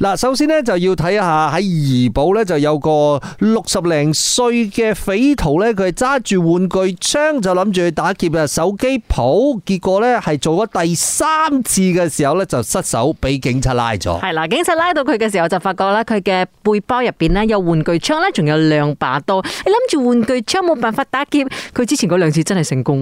嗱，首先呢，就要睇下喺怡保呢就有個六十零歲嘅匪徒呢，佢係揸住玩具槍就諗住打劫個手機鋪，結果呢，係做咗第三次嘅時候呢，就失手俾警察拉咗。係啦，警察拉到佢嘅時候就發覺啦，佢嘅背包入邊呢有玩具槍呢，仲有兩把刀。你諗住玩具槍冇辦法打劫，佢之前嗰兩次真係成功。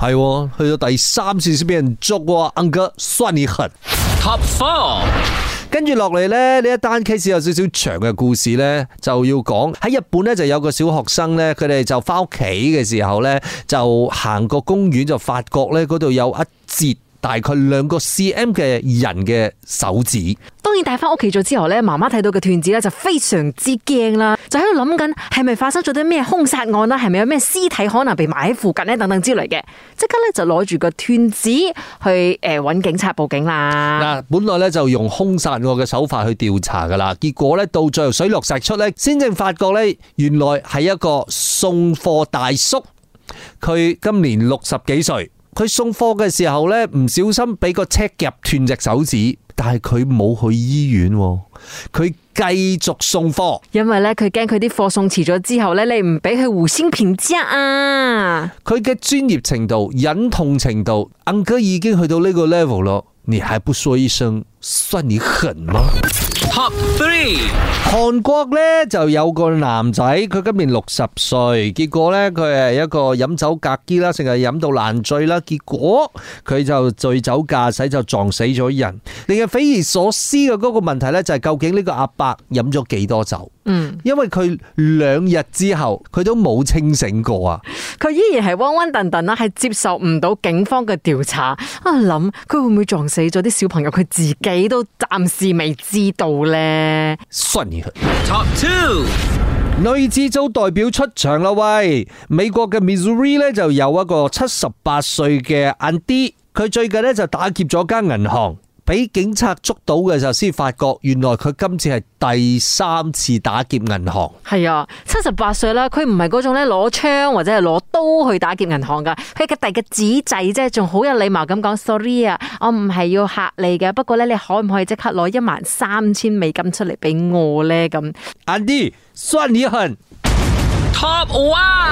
係，去到第三次先俾人捉。安哥，算你狠。Top 跟住落嚟咧，呢一單 case 有少少長嘅故事咧，就要講喺日本咧，就有個小學生咧，佢哋就翻屋企嘅時候咧，就行個公園就發覺咧，嗰度有一截。大概兩個 CM 嘅人嘅手指，當然帶翻屋企咗之後呢，媽媽睇到嘅斷指呢，就非常之驚啦，就喺度諗緊係咪發生咗啲咩兇殺案啦，係咪有咩屍體可能被埋喺附近呢，等等之類嘅，即刻呢，就攞住個斷指去誒揾警察報警啦。嗱，本來呢，就用兇殺案嘅手法去調查噶啦，結果呢，到最後水落石出呢，先正發覺呢，原來係一個送貨大叔，佢今年六十幾歲。佢送貨嘅時候呢，唔小心俾個車夾斷隻手指，但係佢冇去醫院，佢繼續送貨。因為呢，佢驚佢啲貨送遲咗之後呢，你唔俾佢胡先平啫啊！佢嘅專業程度、忍痛程度，哥已經去到呢個 level 咯。你還不說一聲，算你狠嗎？Top three，韓國咧就有個男仔，佢今年六十歲，結果咧佢係一個飲酒隔機啦，成日飲到爛醉啦，結果佢就醉酒駕駛就撞死咗人。令人匪夷所思嘅嗰個問題咧，就係究竟呢個阿伯飲咗幾多酒？嗯，因為佢兩日之後佢都冇清醒過啊，佢依然係瘟瘟沌沌啦，係接受唔到警方嘅調查。啊，諗佢會唔會撞死咗啲小朋友，佢自己都暫時未知道。好咧，算你狠。Top two，女子組代表出場啦，喂，美國嘅 Missouri 咧就有一個七十八歲嘅 Aunty，佢最近咧就打劫咗間銀行。俾警察捉到嘅時候先發覺，原來佢今次係第三次打劫銀行。係啊，七十八歲啦，佢唔係嗰種咧攞槍或者係攞刀去打劫銀行噶，佢係遞個紙仔啫，仲好有禮貌咁講 Sorry 啊，我唔係要嚇你嘅，不過咧你可唔可以即刻攞一萬三千美金出嚟俾我呢？咁 Uncle Aunty，算你狠！Top One。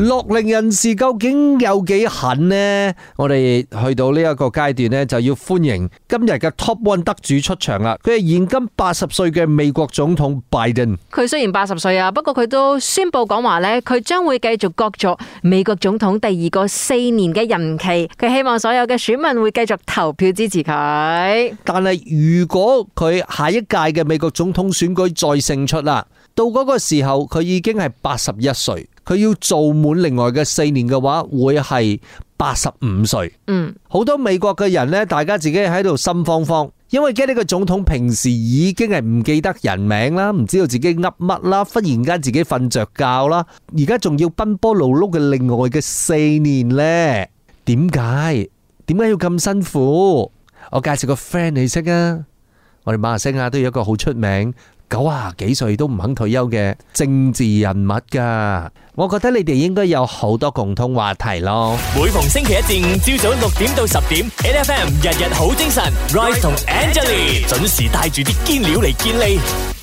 六零人士究竟有幾狠呢？我哋去到呢一個階段呢，就要歡迎今日嘅 Top One 得主出場啦！佢係現今八十歲嘅美國總統拜登。佢雖然八十歲啊，不過佢都宣布講話呢，佢將會繼續角逐美國總統第二個四年嘅任期。佢希望所有嘅選民會繼續投票支持佢。但係如果佢下一屆嘅美國總統選舉再勝出啦，到嗰個時候佢已經係八十一歲。佢要做滿另外嘅四年嘅話，會係八十五歲。嗯，好多美國嘅人呢，大家自己喺度心慌慌，因為驚呢個總統平時已經係唔記得人名啦，唔知道自己噏乜啦，忽然間自己瞓着覺啦，而家仲要奔波勞碌嘅另外嘅四年呢，點解？點解要咁辛苦？我介紹個 friend 你識啊，我哋馬來西亞都有一個好出名。九啊幾歲都唔肯退休嘅政治人物噶，我覺得你哋應該有好多共通話題咯。每逢星期一至五朝早六點到十點，NFM 日日好精神，Rise 同 Angelina 準時帶住啲堅料嚟見你。